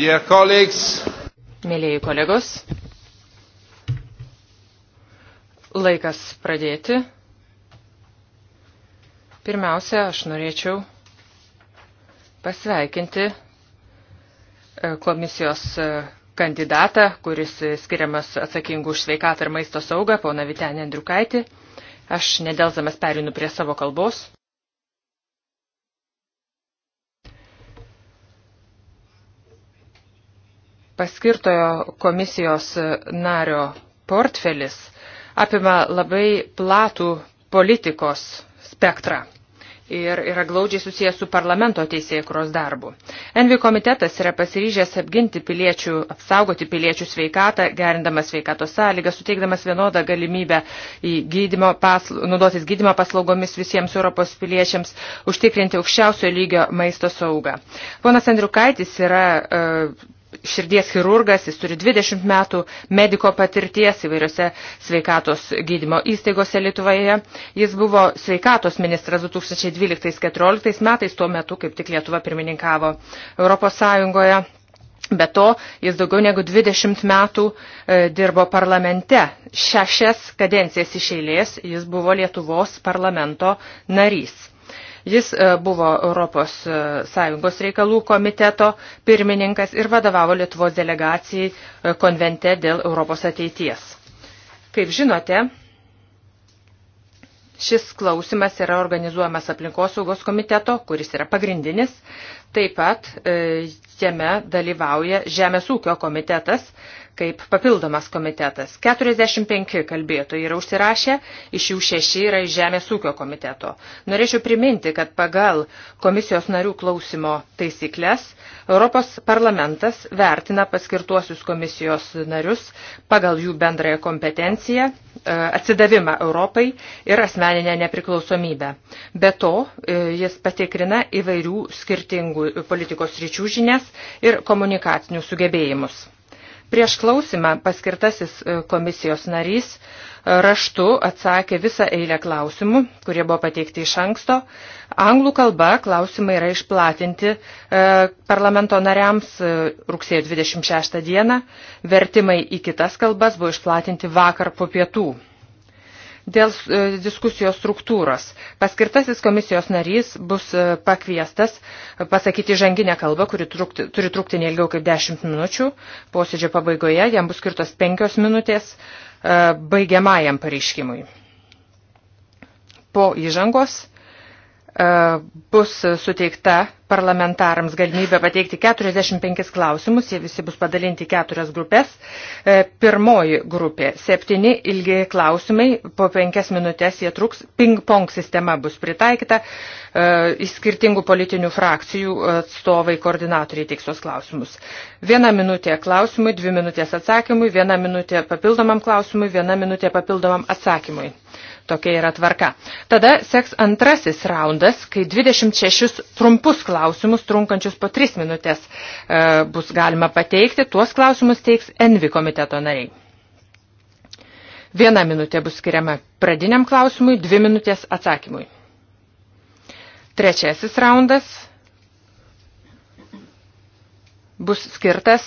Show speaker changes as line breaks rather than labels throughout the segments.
Mėlėjai kolegos, laikas pradėti. Pirmiausia, aš norėčiau pasveikinti e, komisijos e, kandidatą, kuris skiriamas atsakingų už sveikatą ir maisto saugą, poną Vitenį Andriukaitį. Aš nedelzamas perinu prie savo kalbos. paskirtojo komisijos nario portfelis apima labai platų politikos spektrą ir yra glaudžiai susijęs su parlamento teisėkuros darbu. Envi komitetas yra pasiryžęs apginti piliečių, apsaugoti piliečių sveikatą, gerindamas sveikatos sąlygą, suteikdamas vienodą galimybę gydymo pasl... naudotis gydymo paslaugomis visiems Europos piliečiams, užtikrinti aukščiausio lygio maisto saugą. Ponas Andriukaitis yra uh, širdies chirurgas, jis turi 20 metų mediko patirties įvairiose sveikatos gydymo įstaigose Lietuvoje. Jis buvo sveikatos ministras 2012-2014 metais, tuo metu kaip tik Lietuva pirmininkavo Europos Sąjungoje. Be to, jis daugiau negu 20 metų e, dirbo parlamente. Šešias kadencijas iš eilės jis buvo Lietuvos parlamento narys. Jis e, buvo Europos e, Sąjungos reikalų komiteto pirmininkas ir vadovavo Lietuvos delegacijai e, konvente dėl Europos ateities. Kaip žinote, Šis klausimas yra organizuojamas aplinkosaugos komiteto, kuris yra pagrindinis. Taip pat e, jame dalyvauja Žemės ūkio komitetas kaip papildomas komitetas. 45 kalbėtojai yra užsirašę, iš jų 6 yra iš Žemės ūkio komiteto. Norėčiau priminti, kad pagal komisijos narių klausimo taisyklės Europos parlamentas vertina paskirtuosius komisijos narius pagal jų bendrąją kompetenciją E, atsidavimą Europai ir asmeninę nepriklausomybę. Be to, e, jis patikrina įvairių skirtingų politikos ryčių žinias ir komunikacinius sugebėjimus. Prieš klausimą paskirtasis e, komisijos narys e, raštu atsakė visą eilę klausimų, kurie buvo pateikti iš anksto. Anglų kalba klausimai yra išplatinti e, parlamento nariams rugsėjo 26 dieną. Vertimai į kitas kalbas buvo išplatinti vakar po pietų. Dėl e, diskusijos struktūros. Paskirtasis komisijos narys bus e, pakviestas e, pasakyti žanginę kalbą, kuri trukti, turi trukti neilgiau kaip 10 minučių. Posėdžio pabaigoje jam bus skirtos 5 minutės baigiamajam pareiškimui. Po įžangos E, bus suteikta parlamentarams galimybė pateikti 45 klausimus, jie visi bus padalinti keturias grupės. E, pirmoji grupė – septyni ilgi klausimai, po penkias minutės jie truks, ping-pong sistema bus pritaikyta, į e, skirtingų politinių frakcijų atstovai koordinatoriai teiksos klausimus. Viena minutė klausimui, dvi minutės atsakymui, viena minutė papildomam klausimui, viena minutė papildomam atsakymui. Tokia yra tvarka. Tada seks antrasis raundas, kai 26 trumpus klausimus, trunkančius po 3 minutės, e, bus galima pateikti. Tuos klausimus teiks Envi komiteto nariai. Viena minutė bus skiriama pradiniam klausimui, dvi minutės atsakymui. Trečiasis raundas bus skirtas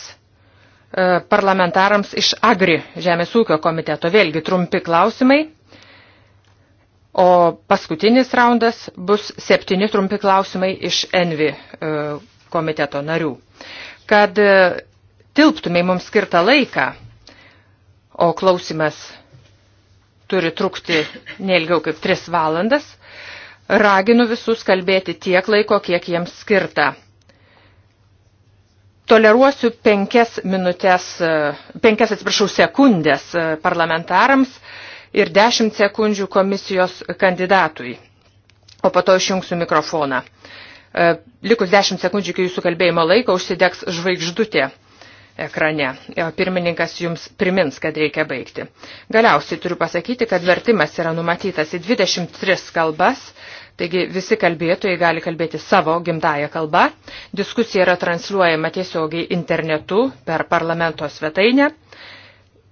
e, parlamentarams iš Agri žemės ūkio komiteto. Vėlgi trumpi klausimai O paskutinis raundas bus septyni trumpi klausimai iš Envi e, komiteto narių. Kad e, tilptumėj mums skirtą laiką, o klausimas turi trukti neilgiau kaip tris valandas, raginu visus kalbėti tiek laiko, kiek jiems skirta. Toleruosiu penkias minutės, e, penkias atsiprašau sekundės parlamentarams ir 10 sekundžių komisijos kandidatui. O po to išjungsiu mikrofoną. E, likus 10 sekundžių iki jūsų kalbėjimo laiko užsidegs žvaigždutė ekrane. E, pirmininkas jums primins, kad reikia baigti. Galiausiai turiu pasakyti, kad vertimas yra numatytas į 23 kalbas, taigi visi kalbėtojai gali kalbėti savo gimtają kalbą. Diskusija yra transliuojama tiesiogiai internetu per parlamento svetainę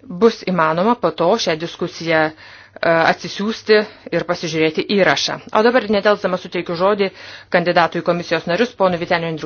bus įmanoma po to šią diskusiją e, atsisiųsti ir pasižiūrėti įrašą. O dabar nedelsama suteikiu žodį kandidatui į komisijos narius, ponu Viteniu Indriu.